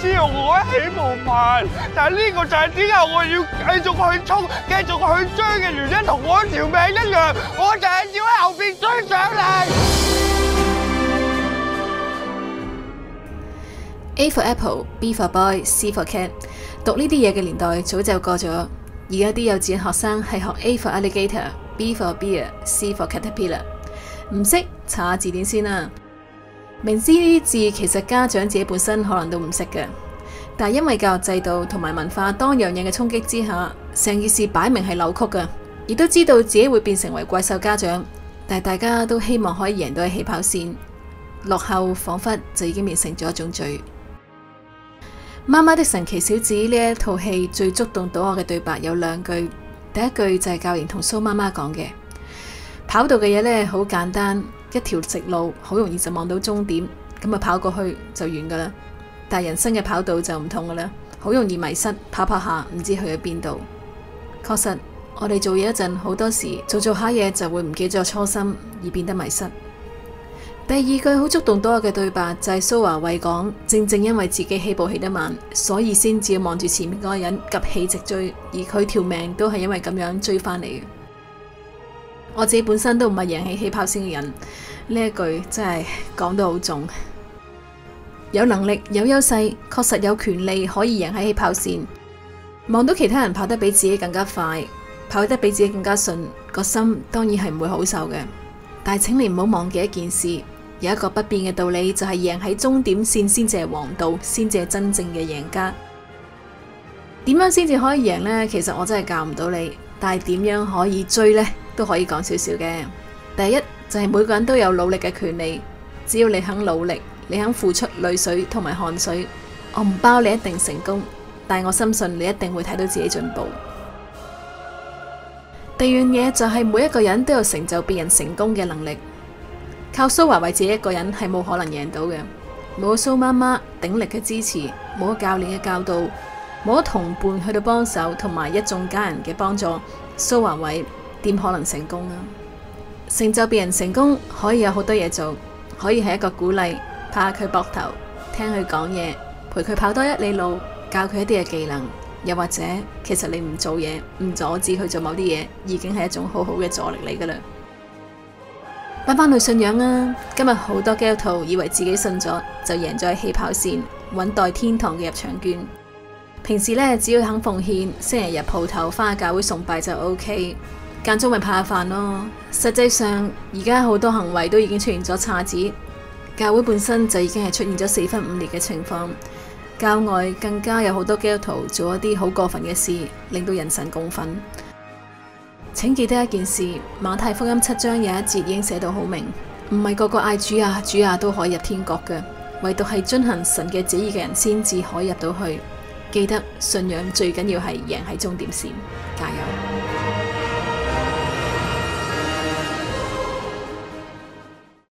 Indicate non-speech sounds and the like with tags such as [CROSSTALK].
只要我一起步慢，但係呢個就係之後我要繼續去衝、繼續去追嘅原因，同我條命一樣，我就係要喺後邊追上嚟。A for apple, B for boy, C for cat。讀呢啲嘢嘅年代早就過咗，而家啲幼稚學生係學 A for alligator, B for beer, C for caterpillar。唔識查下字典先啦。明知呢啲字其實家長自己本身可能都唔識嘅，但係因為教育制度同埋文化多樣嘢嘅衝擊之下，成件事擺明係扭曲嘅，亦都知道自己會變成為怪獸家長，但係大家都希望可以贏到起跑線，落後仿佛就已經變成咗一種罪。《媽媽的神奇小子》呢一套戲最觸動到我嘅對白有兩句，第一句就係教練同蘇媽媽講嘅，跑道嘅嘢咧好簡單。一條直路好容易就望到終點，咁啊跑過去就完噶啦。但人生嘅跑道就唔同噶啦，好容易迷失，跑跑下唔知去咗邊度。確實，我哋做嘢一陣好多時，做做下嘢就會唔記咗初心，而變得迷失。第二句好觸動到我嘅對白就係蘇樺偉講：正正因為自己起步起得慢，所以先至要望住前面嗰個人急起直追，而佢條命都係因為咁樣追返嚟嘅。我自己本身都唔係贏喺起跑線嘅人，呢一句真係講得好重。 [LAUGHS] 有能力、有優勢，確實有權利可以贏喺起跑線。望到其他人跑得比自己更加快，跑得比自己更加順，個心當然係唔會好受嘅。但係請你唔好忘記一件事，有一個不變嘅道理就係贏喺終點線先至係王道，先至係真正嘅贏家。點樣先至可以贏呢？其實我真係教唔到你。但係點樣可以追呢？都可以講少少嘅。第一就係每個人都有努力嘅權利，只要你肯努力，你肯付出淚水同埋汗水，我唔包你一定成功，但係我深信你一定會睇到自己進步。第二樣嘢就係每一個人都有成就別人成功嘅能力。靠蘇華偉自己一個人係冇可能贏到嘅。冇蘇媽媽鼎力嘅支持，冇教練嘅教導，冇同伴去到幫手同埋一眾家人嘅幫助，蘇華偉，點可能成功啊？成就別人成功可以有好多嘢做，可以係一個鼓勵，拍下佢膊頭，聽佢講嘢，陪佢跑多一里路，教佢一啲嘅技能，又或者其實你唔做嘢，唔阻止佢做某啲嘢，已經係一種好好嘅助力嚟噶啦。翻翻去信仰啊！今日好多基督徒以為自己信咗就贏在起跑線，揾代天堂嘅入場券。平時呢，只要肯奉獻，星期日鋪頭翻下教會崇拜就 OK。間中咪怕下飯咯，實際上而家好多行為都已經出現咗岔子，教會本身就已經係出現咗四分五裂嘅情況，教外更加有好多基督徒做一啲好過分嘅事，令到人神共憤。請記得一件事，馬太福音七章有一節已經寫到好明，唔係個個嗌，主啊，主啊都可以入天國嘅，唯獨係遵行神嘅旨意嘅人先至可以入到去。記得信仰最緊要係贏喺終點線，加油！